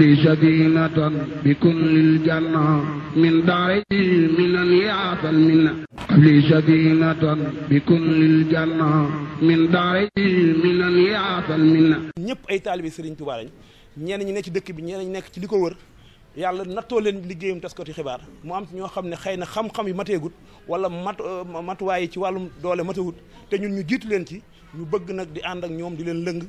لي سكينة بكل الجنة من داري من يعطى المنة لي سكينة بكل الجنة من داري من ñëpp ay taalibe Serigne Touba lañ ñenn ñu nekk ci dëkk bi ñenn ñi nekk ci li ko wër yàlla nattoo leen liggéeyum taskati xibaar mu am ci ñoo xam ne xëy na xam-xam yi mateegut wala mat matuwaay yi ci wàllum doole mateegut te ñun ñu jiitu leen ci ñu bëgg nag di ànd ak ñoom di leen lëng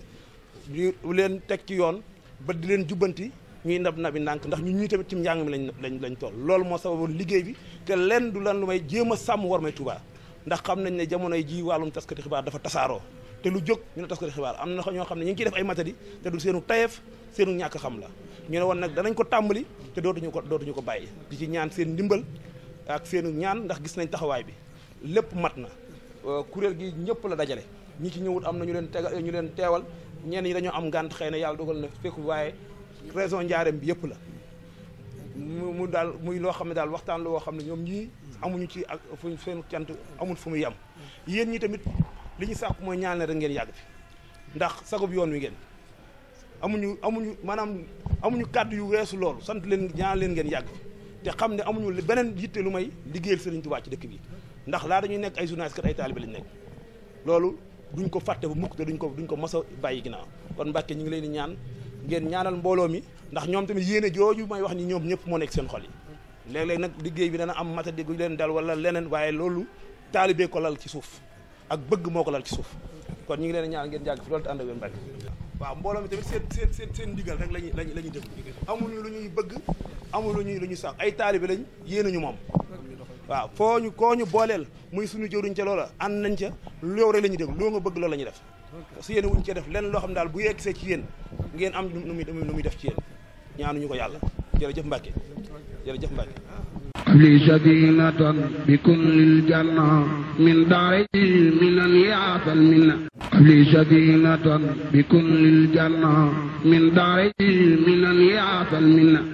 di leen teg ci yoon ba di leen jubbanti ñuy nab nabi ndànk ndax ñu ñuy tamit ci njàng mi lañ lañ lañ toll loolu moo sababoon liggéey bi te lenn du lan lu may jéem a sàmm war may Touba ndax xam nañ ne jamono jamonoy ji wàllum taskati xibaar dafa tasaaroo te lu jóg ñu ne taskati xibaar am na ñoo xam ne ñu ngi ciy def ay matadi te du seenu tayeef seenu ñàkk xam la ñu ne woon nag danañ ko tàmbali te dootuñu ko dootuñu ko bàyyi di ci ñaan seen ndimbal ak seenu ñaan ndax gis nañ taxawaay bi lépp mat na Euh, kuréel gi ñëpp la dajale ñi ci ñëwut am na ñu leen tegal ñu leen teewal ñenn ñi dañoo am ngànt xëy na yàlla dogal na fekku waaye raison njaareem bi yëpp la mu mu daal muy loo xam ne daal waxtaan la woo xam ne ñoom ñii amuñu ci ak fuñ seen cant amul fu muy yem yéen ñi tamit li ñu sàkk mooy ñaan rek ngeen yàgg fi ndax sagub yoon wi ngeen amuñu amuñu maanaam amuñu kàddu yu weesu loolu sant leen ñaan leen ngeen yàgg fi te xam ne amuñu beneen yitte lu may liggéeyal Sëriñ Tuubaa ci dëkk bi ndax laa dañuy nekk ay journaliste kat ay taalibe lañu nekk loolu duñ ko fàtte bu mukk te duñ ko duñ ko mos a bàyyi ginnaaw kon Mbàkke ñu ngi leen di ñaan ngeen ñaanal mbooloo mi ndax ñoom tamit yéene jooju may wax ni ñoom ñëpp moo nekk seen xol yi léeg-léeg nag liggéey bi dana am matadi gu leen dal wala leneen waaye loolu taalibee ko lal ci suuf ak bëgg moo ko lal ci suuf kon ñu ngi leen di ngeen jàgg fi loolu te ànd ak yéen Mbàkke waaw mbooloo mi tamit seen seen seen seen ndigal rek lañu lañu la ñuy déglu amuñu lu bëgg amuñu lu ñuy lu sax ay taalibe lañ yéenañu moom waaw foo ñu koo ñu booleel muy suñu jëwriñ ca loola ànd nañ ca loolu rek la ñuy déglu loo nga bëgg loola la ñuy def su yéen wuñ cee def lenn loo xam daal bu yeggsee ci yéen ngeen am nu muy def ci yéen ko yàlla jërëjëf Mbàkke jërëjëf Mbàkke li sadinatan bi kullil janna min daari minan yaatal minna li sadinatan bi kullil janna min daari